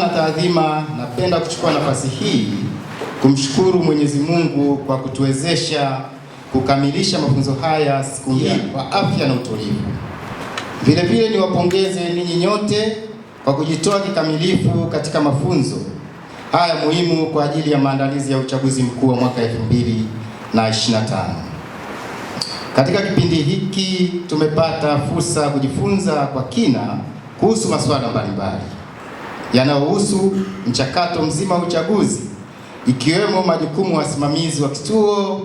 Na taadhima, napenda kuchukua nafasi hii kumshukuru Mwenyezi Mungu kwa kutuwezesha kukamilisha mafunzo haya siku hii kwa afya na utulivu. Vile vile niwapongeze ninyi nyote kwa kujitoa kikamilifu katika mafunzo haya muhimu kwa ajili ya maandalizi ya uchaguzi mkuu wa mwaka 2025. Katika kipindi hiki tumepata fursa ya kujifunza kwa kina kuhusu masuala mbalimbali yanayohusu mchakato mzima wa uchaguzi ikiwemo majukumu ya wasimamizi wa kituo,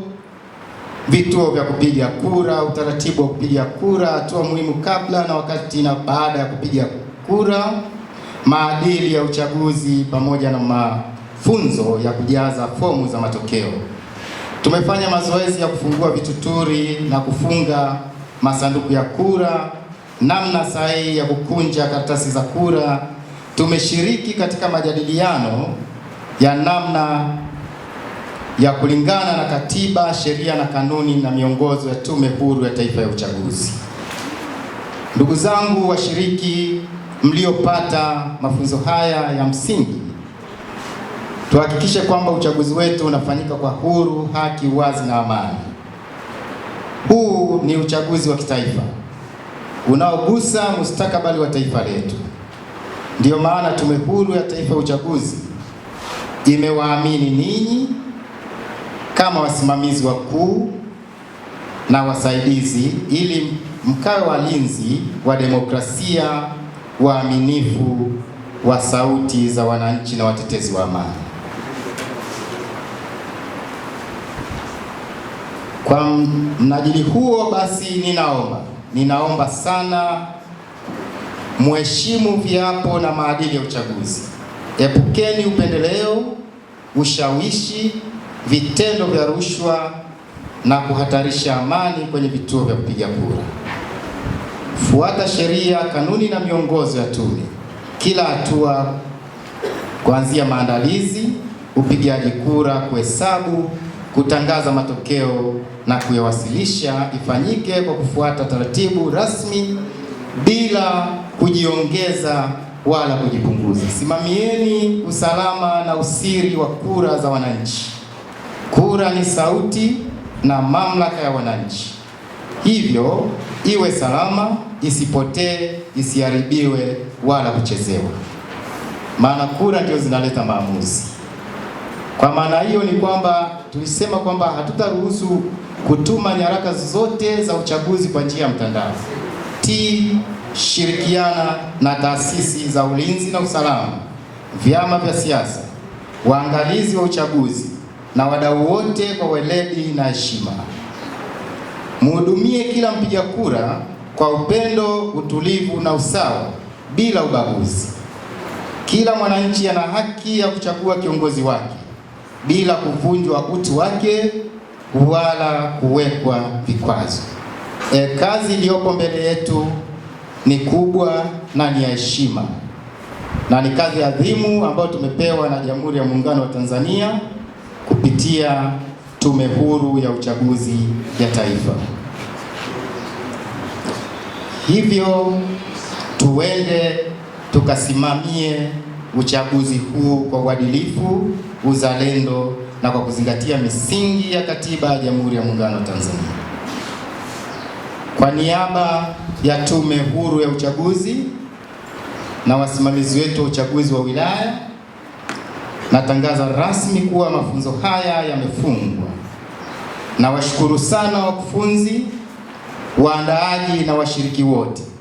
vituo vya kupiga kura, utaratibu wa kupiga kura, hatua muhimu kabla na wakati na baada ya kupiga kura, maadili ya uchaguzi, pamoja na mafunzo ya kujaza fomu za matokeo. Tumefanya mazoezi ya kufungua vituturi na kufunga masanduku ya kura, namna sahihi ya kukunja karatasi za kura tumeshiriki katika majadiliano ya namna ya kulingana na katiba, sheria na kanuni na miongozo ya Tume Huru ya Taifa ya Uchaguzi. Ndugu zangu washiriki mliopata mafunzo haya ya msingi, tuhakikishe kwamba uchaguzi wetu unafanyika kwa huru, haki, uwazi na amani. Huu ni uchaguzi wa kitaifa unaogusa mustakabali wa taifa letu. Ndiyo maana Tume Huru ya Taifa ya Uchaguzi imewaamini ninyi kama wasimamizi wakuu na wasaidizi, ili mkawe walinzi wa demokrasia, waaminifu wa sauti za wananchi na watetezi wa amani. Kwa mnajili huo basi, ninaomba ninaomba sana mheshimu viapo na maadili ya uchaguzi. Epukeni upendeleo, ushawishi, vitendo vya rushwa na kuhatarisha amani kwenye vituo vya kupiga kura. Fuata sheria, kanuni na miongozo ya tume kila hatua, kuanzia maandalizi, upigaji kura, kuhesabu, kutangaza matokeo na kuyawasilisha, ifanyike kwa kufuata taratibu rasmi bila kujiongeza wala kujipunguza. Simamieni usalama na usiri wa kura za wananchi. Kura ni sauti na mamlaka ya wananchi, hivyo iwe salama, isipotee, isiharibiwe wala kuchezewa, maana kura ndio zinaleta maamuzi. Kwa maana hiyo ni kwamba tulisema kwamba hatutaruhusu kutuma nyaraka zote za uchaguzi kwa njia ya mtandao T shirikiana na taasisi za ulinzi na usalama, vyama vya siasa, waangalizi wa uchaguzi na wadau wote kwa weledi na heshima. Mhudumie kila mpiga kura kwa upendo, utulivu na usawa bila ubaguzi. Kila mwananchi ana haki ya kuchagua kiongozi wake bila kuvunjwa utu wake wala kuwekwa vikwazo. E, kazi iliyopo mbele yetu ni kubwa na ni ya heshima na ni kazi adhimu ambayo tumepewa na Jamhuri ya Muungano wa Tanzania kupitia Tume Huru ya Uchaguzi ya Taifa. Hivyo tuende tukasimamie uchaguzi huu kwa uadilifu, uzalendo na kwa kuzingatia misingi ya Katiba ya Jamhuri ya Muungano wa Tanzania. Kwa niaba ya Tume Huru ya Uchaguzi na wasimamizi wetu wa uchaguzi wa wilaya, natangaza rasmi kuwa mafunzo haya yamefungwa. Nawashukuru sana wakufunzi, waandaaji na washiriki wote.